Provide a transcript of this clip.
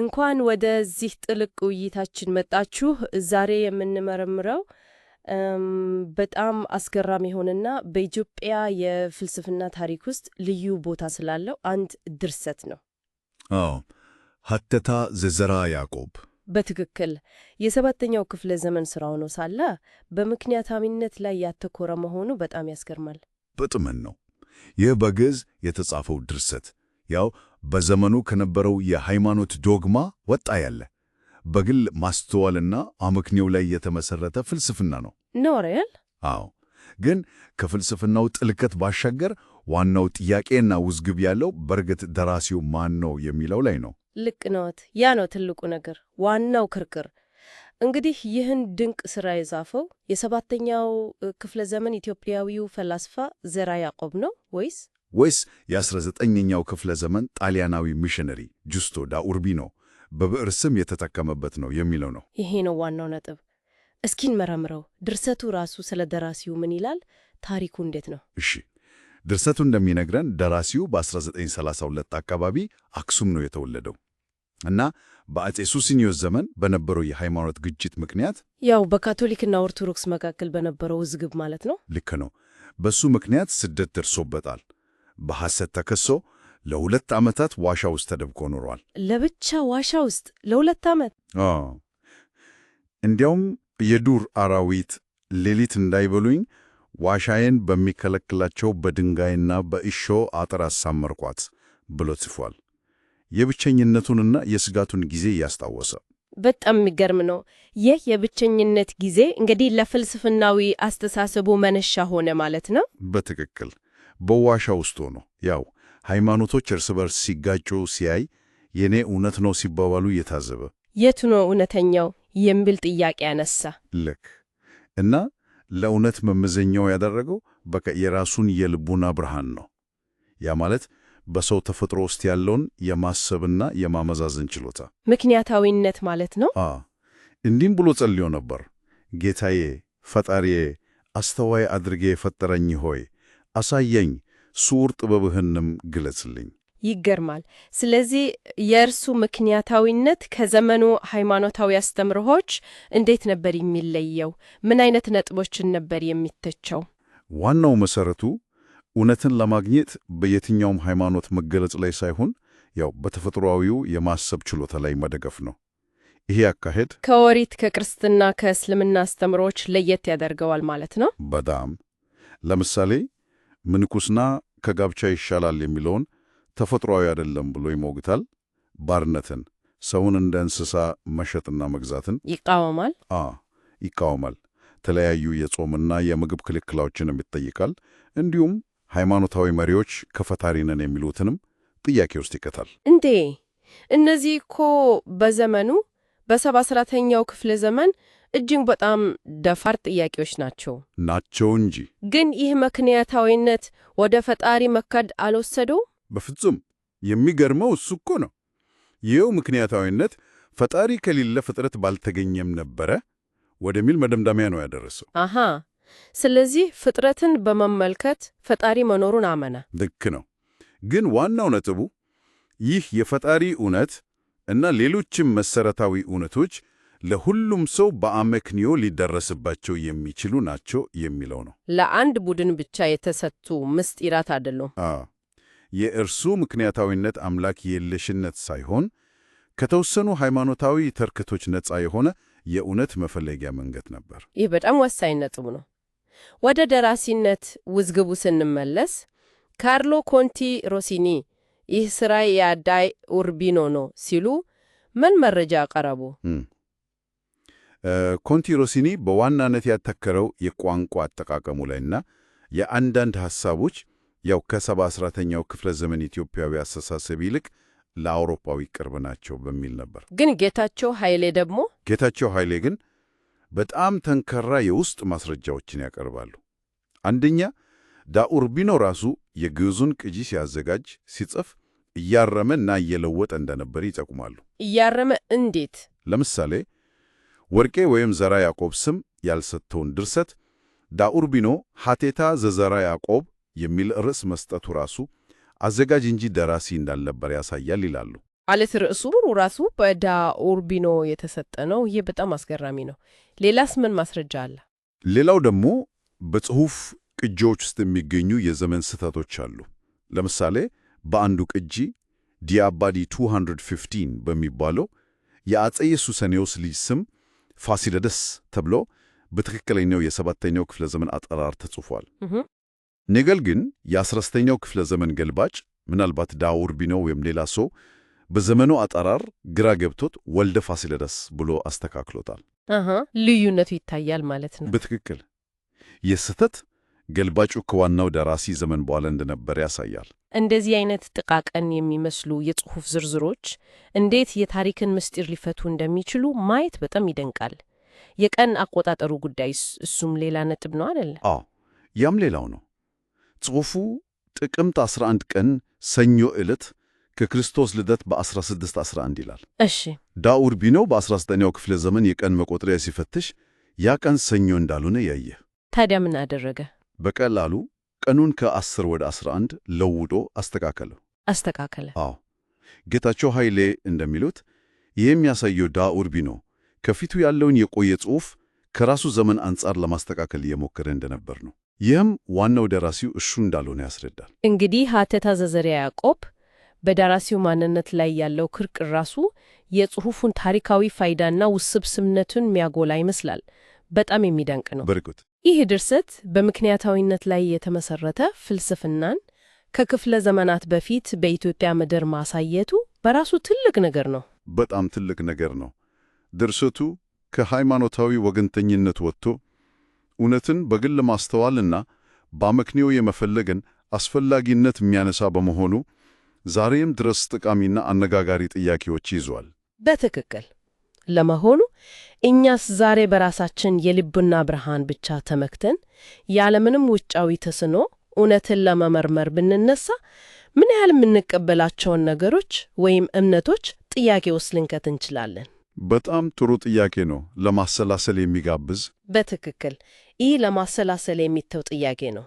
እንኳን ወደዚህ ጥልቅ ውይይታችን መጣችሁ። ዛሬ የምንመረምረው በጣም አስገራሚ የሆነና በኢትዮጵያ የፍልስፍና ታሪክ ውስጥ ልዩ ቦታ ስላለው አንድ ድርሰት ነው። አዎ ሀተታ ዘዘራ ያዕቆብ በትክክል የሰባተኛው ክፍለ ዘመን ስራው ነው ሳለ በምክንያታዊነት ላይ ያተኮረ መሆኑ በጣም ያስገርማል። በጥመን ነው ይህ በግዕዝ የተጻፈው ድርሰት ያው በዘመኑ ከነበረው የሃይማኖት ዶግማ ወጣ ያለ በግል ማስተዋልና አመክንዮው ላይ የተመሰረተ ፍልስፍና ነው። ኖሬል አዎ። ግን ከፍልስፍናው ጥልቀት ባሻገር ዋናው ጥያቄና ውዝግብ ያለው በእርግጥ ደራሲው ማን ነው የሚለው ላይ ነው። ልቅ ነዎት። ያ ነው ትልቁ ነገር፣ ዋናው ክርክር። እንግዲህ ይህን ድንቅ ስራ የጻፈው የሰባተኛው ክፍለ ዘመን ኢትዮጵያዊው ፈላስፋ ዘራ ያዕቆብ ነው ወይስ ወይስ የ19ኛው ክፍለ ዘመን ጣሊያናዊ ሚሽነሪ ጁስቶ ዳ ኡርቢኖ በብዕር ስም የተጠቀመበት ነው የሚለው ነው። ይሄ ነው ዋናው ነጥብ። እስኪን መረምረው። ድርሰቱ ራሱ ስለ ደራሲው ምን ይላል? ታሪኩ እንዴት ነው? እሺ ድርሰቱ እንደሚነግረን ደራሲው በ1932 አካባቢ አክሱም ነው የተወለደው እና በአጼ ሱሲኒዮስ ዘመን በነበረው የሃይማኖት ግጭት ምክንያት ያው በካቶሊክና ኦርቶዶክስ መካከል በነበረው ውዝግብ ማለት ነው። ልክ ነው። በሱ ምክንያት ስደት ደርሶበታል። በሐሰት ተከሶ ለሁለት ዓመታት ዋሻ ውስጥ ተደብቆ ኖሯል። ለብቻ ዋሻ ውስጥ ለሁለት ዓመት። እንዲያውም የዱር አራዊት ሌሊት እንዳይበሉኝ ዋሻዬን በሚከለክላቸው በድንጋይና በእሾ አጥር አሳመርኳት ብሎ ጽፏል። የብቸኝነቱንና የስጋቱን ጊዜ እያስታወሰ በጣም የሚገርም ነው። ይህ የብቸኝነት ጊዜ እንግዲህ ለፍልስፍናዊ አስተሳሰቡ መነሻ ሆነ ማለት ነው። በትክክል በዋሻ ውስጥ ሆኖ ያው ሃይማኖቶች እርስ በርስ ሲጋጩ ሲያይ የእኔ እውነት ነው ሲባባሉ እየታዘበ የቱ ነው እውነተኛው የሚል ጥያቄ ያነሳ። ልክ እና ለእውነት መመዘኛው ያደረገው በቃ የራሱን የልቡና ብርሃን ነው። ያ ማለት በሰው ተፈጥሮ ውስጥ ያለውን የማሰብና የማመዛዘን ችሎታ ምክንያታዊነት ማለት ነው። እንዲህም ብሎ ጸልዮ ነበር። ጌታዬ፣ ፈጣሪዬ፣ አስተዋይ አድርጌ የፈጠረኝ ሆይ አሳየኝ፣ ስውር ጥበብህንም ግለጽልኝ። ይገርማል። ስለዚህ የእርሱ ምክንያታዊነት ከዘመኑ ሃይማኖታዊ አስተምሮዎች እንዴት ነበር የሚለየው? ምን አይነት ነጥቦችን ነበር የሚተቸው? ዋናው መሰረቱ እውነትን ለማግኘት በየትኛውም ሃይማኖት መገለጽ ላይ ሳይሆን ያው በተፈጥሯዊው የማሰብ ችሎታ ላይ መደገፍ ነው። ይሄ አካሄድ ከወሪት ከክርስትና ከእስልምና አስተምሮዎች ለየት ያደርገዋል ማለት ነው። በጣም ለምሳሌ ምንኩስና ከጋብቻ ይሻላል የሚለውን ተፈጥሯዊ አይደለም ብሎ ይሞግታል። ባርነትን፣ ሰውን እንደ እንስሳ መሸጥና መግዛትን ይቃወማል ይቃወማል። ተለያዩ የጾምና የምግብ ክልክላዎችንም ይጠይቃል። እንዲሁም ሃይማኖታዊ መሪዎች ከፈታሪነን የሚሉትንም ጥያቄ ውስጥ ይከታል። እንዴ እነዚህ እኮ በዘመኑ በሰባ አስራተኛው ክፍለ ዘመን እጅግ በጣም ደፋር ጥያቄዎች ናቸው ናቸው እንጂ ግን ይህ ምክንያታዊነት ወደ ፈጣሪ መካድ አልወሰደው? በፍጹም የሚገርመው እሱ እኮ ነው። ይኸው ምክንያታዊነት ፈጣሪ ከሌለ ፍጥረት ባልተገኘም ነበረ ወደሚል መደምዳሚያ ነው ያደረሰው። አሃ ስለዚህ ፍጥረትን በመመልከት ፈጣሪ መኖሩን አመነ። ልክ ነው። ግን ዋናው ነጥቡ ይህ የፈጣሪ እውነት እና ሌሎችም መሰረታዊ እውነቶች ለሁሉም ሰው በአመክንዮ ሊደረስባቸው የሚችሉ ናቸው የሚለው ነው። ለአንድ ቡድን ብቻ የተሰጡ ምስጢራት አይደሉም። የእርሱ ምክንያታዊነት አምላክ የለሽነት ሳይሆን ከተወሰኑ ሃይማኖታዊ ተርክቶች ነፃ የሆነ የእውነት መፈለጊያ መንገድ ነበር። ይህ በጣም ወሳኝ ነጥብ ነው። ወደ ደራሲነት ውዝግቡ ስንመለስ ካርሎ ኮንቲ ሮሲኒ ይህ ሥራ የአዳይ ኡርቢኖ ነው ሲሉ ምን መረጃ አቀረቡ? ኮንቲሮሲኒ በዋናነት ያተከረው የቋንቋ አጠቃቀሙ ላይና የአንዳንድ ሐሳቦች ያው ከሰባ አስራተኛው ክፍለ ዘመን ኢትዮጵያዊ አስተሳሰብ ይልቅ ለአውሮፓዊ ቅርብ ናቸው በሚል ነበር። ግን ጌታቸው ኃይሌ ደግሞ ጌታቸው ኃይሌ ግን በጣም ተንከራ የውስጥ ማስረጃዎችን ያቀርባሉ። አንደኛ ዳኡርቢኖ ራሱ የግዕዙን ቅጂ ሲያዘጋጅ ሲጽፍ እያረመ እና እየለወጠ እንደነበር ይጠቁማሉ። እያረመ እንዴት? ለምሳሌ ወርቄ ወይም ዘራ ያዕቆብ ስም ያልሰጥተውን ድርሰት ዳኡርቢኖ ሀቴታ ዘዘራ ያዕቆብ የሚል ርዕስ መስጠቱ ራሱ አዘጋጅ እንጂ ደራሲ እንዳልነበር ያሳያል ይላሉ። ማለት ርዕሱ ራሱ በዳኡርቢኖ የተሰጠ ነው። ይህ በጣም አስገራሚ ነው። ሌላስ ምን ማስረጃ አለ? ሌላው ደግሞ በጽሑፍ ቅጂዎች ውስጥ የሚገኙ የዘመን ስህተቶች አሉ። ለምሳሌ በአንዱ ቅጂ ዲአባዲ 215 በሚባለው የአፄ ሱሰኔዎስ ልጅ ስም ፋሲለደስ ተብሎ በትክክለኛው የሰባተኛው ክፍለ ዘመን አጠራር ተጽፏል። ነገር ግን የአስረስተኛው ክፍለ ዘመን ገልባጭ ምናልባት ዳውር ቢኖ ወይም ሌላ ሰው በዘመኑ አጠራር ግራ ገብቶት ወልደ ፋሲለደስ ብሎ አስተካክሎታል። ልዩነቱ ይታያል ማለት ነው። በትክክል የስህተት ገልባጩ ከዋናው ደራሲ ዘመን በኋላ እንደነበረ ያሳያል። እንደዚህ አይነት ጥቃቅን የሚመስሉ የጽሑፍ ዝርዝሮች እንዴት የታሪክን ምስጢር ሊፈቱ እንደሚችሉ ማየት በጣም ይደንቃል። የቀን አቆጣጠሩ ጉዳይ እሱም ሌላ ነጥብ ነው አደለ? አዎ፣ ያም ሌላው ነው። ጽሑፉ ጥቅምት 11 ቀን ሰኞ ዕለት ከክርስቶስ ልደት በ1611 ይላል። እሺ፣ ዳኡር ቢነው በ19ኛው ክፍለ ዘመን የቀን መቆጠሪያ ሲፈትሽ ያ ቀን ሰኞ እንዳልሆነ ያየ። ታዲያ ምን አደረገ? በቀላሉ ቀኑን ከ10 ወደ 11 ለውጦ አስተካከለ አስተካከለ። አዎ ጌታቸው ኃይሌ እንደሚሉት ይህ የሚያሳየው ኡርቢ ቢኖ ከፊቱ ያለውን የቆየ ጽሑፍ ከራሱ ዘመን አንጻር ለማስተካከል እየሞከረ እንደነበር ነው። ይህም ዋናው ደራሲው እሱ እንዳልሆነ ያስረዳል። እንግዲህ ሀተታ ዘዘሪያ ያዕቆብ በደራሲው ማንነት ላይ ያለው ክርቅ ራሱ የጽሑፉን ታሪካዊ ፋይዳና ውስብስብነቱን የሚያጎላ ይመስላል። በጣም የሚደንቅ ነው በርግጥ። ይህ ድርሰት በምክንያታዊነት ላይ የተመሰረተ ፍልስፍናን ከክፍለ ዘመናት በፊት በኢትዮጵያ ምድር ማሳየቱ በራሱ ትልቅ ነገር ነው። በጣም ትልቅ ነገር ነው። ድርሰቱ ከሃይማኖታዊ ወገንተኝነት ወጥቶ እውነትን በግል ማስተዋልና በአመክንዮ የመፈለግን አስፈላጊነት የሚያነሳ በመሆኑ ዛሬም ድረስ ጠቃሚና አነጋጋሪ ጥያቄዎች ይዟል። በትክክል ለመሆኑ እኛስ ዛሬ በራሳችን የልብና ብርሃን ብቻ ተመክተን ያለምንም ውጫዊ ተስኖ እውነትን ለመመርመር ብንነሳ ምን ያህል የምንቀበላቸውን ነገሮች ወይም እምነቶች ጥያቄ ውስጥ ልንከት እንችላለን? በጣም ጥሩ ጥያቄ ነው። ለማሰላሰል የሚጋብዝ በትክክል ይህ ለማሰላሰል የሚተው ጥያቄ ነው።